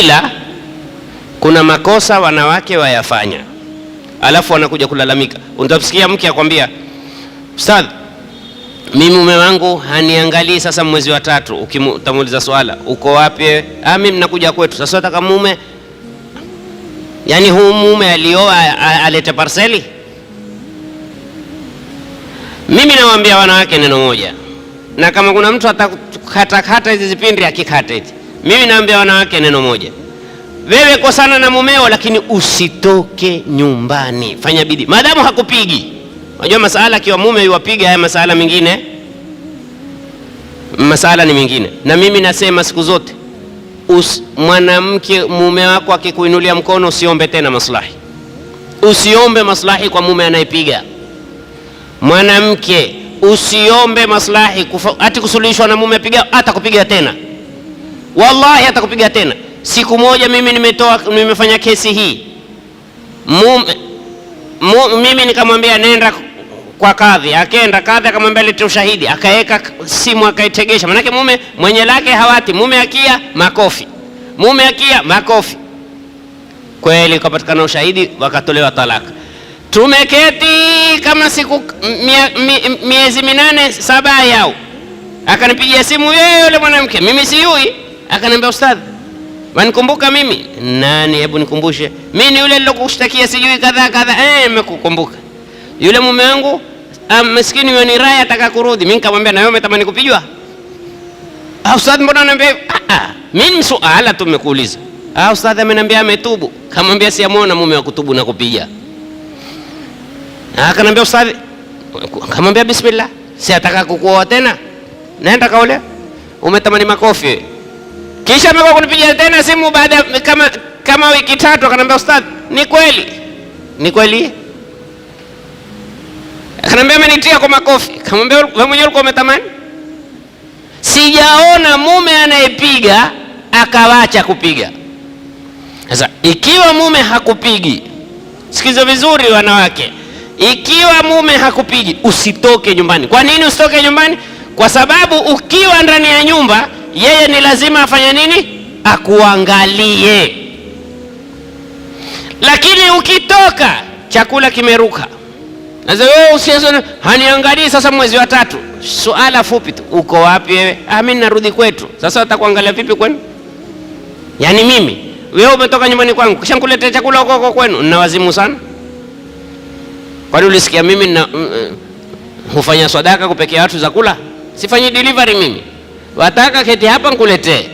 ila kuna makosa wanawake wayafanya, alafu wanakuja kulalamika. Utamsikia mke akwambia, ustadh, mimi mume wangu haniangalii sasa mwezi wa tatu. Ukimuuliza swala, uko wapi? Ah, mimi nakuja kwetu. Sasa nataka mume, yani huu mume alioa alete parseli. Mimi nawaambia wanawake neno moja, na kama kuna mtu atakata hizi zipindi akikata hizi mimi naambia wanawake neno moja, wewe kosana na mumeo, lakini usitoke nyumbani, fanya bidii maadamu hakupigi. Unajua masala akiwa mume yuwapiga haya masala mengine, masala ni mengine. Na mimi nasema siku zote Us, mwanamke mume wako akikuinulia mkono usiombe tena maslahi, usiombe maslahi kwa mume anayepiga. Mwanamke usiombe maslahi ati kusuluhishwa na mume apiga, hata kupiga tena wallahi atakupiga tena. Siku moja mimi nimetoa, nimefanya kesi hii mimi nikamwambia nenda kwa kadhi, akaenda kadhi akamwambia lete ushahidi, akaweka simu akaitegesha. Manake mume mwenye lake hawati, mume akia makofi, mume akia makofi. Kweli ukapatikana ushahidi, wakatolewa talaka. Tumeketi kama siku miezi minane saba yao, akanipigia simu yeye yule mwanamke, mimi siyui Akaniambia ustadh wanikumbuka mimi? Nani? Hebu nikumbushe. mi ni yule lilokushtakia sijui kadha kadha Eh, nimekukumbuka. Yule mume wangu ah, maskini um, raya, ataka kurudhi mi nkamwambia nawe umetamani kupijwa? Ah, ustadh mbona unaniambia? Ah, ah, mimi suala tu mekuuliza Ah, ustadhi ameniambia ametubu. Kamwambia siamwona mume wa kutubu na kupija. Akanambia ustadhi, kamwambia bismillah, si ataka kukuoa tena, naenda kaolea umetamani makofi kisha amekuwa kunipigia tena simu baada kama, kama wiki tatu, akaniambia ustadh, ni kweli ni kweli. Akaniambia amenitia kwa makofi. Kamwambia wewe mwenyewe ulikuwa umetamani. Sijaona mume anayepiga akawacha kupiga. Sasa ikiwa mume hakupigi, sikiza vizuri wanawake, ikiwa mume hakupigi usitoke nyumbani. Kwa nini usitoke nyumbani? Kwa sababu ukiwa ndani ya nyumba yeye ni lazima afanye nini? Akuangalie. Lakini ukitoka chakula kimeruka, haniangalii. Sasa mwezi wa tatu, suala fupi tu, uko wapi wewe? Ah, mimi narudi kwetu. Sasa watakuangalia vipi kwenu? Yaani mimi wewe umetoka nyumbani kwangu kisha nikuletea chakula huko huko kwenu, nina wazimu sana. Kwani ulisikia mimi na hufanya sadaka kupekea watu za kula? Sifanyi delivery mimi wataka keti hapa nkuletee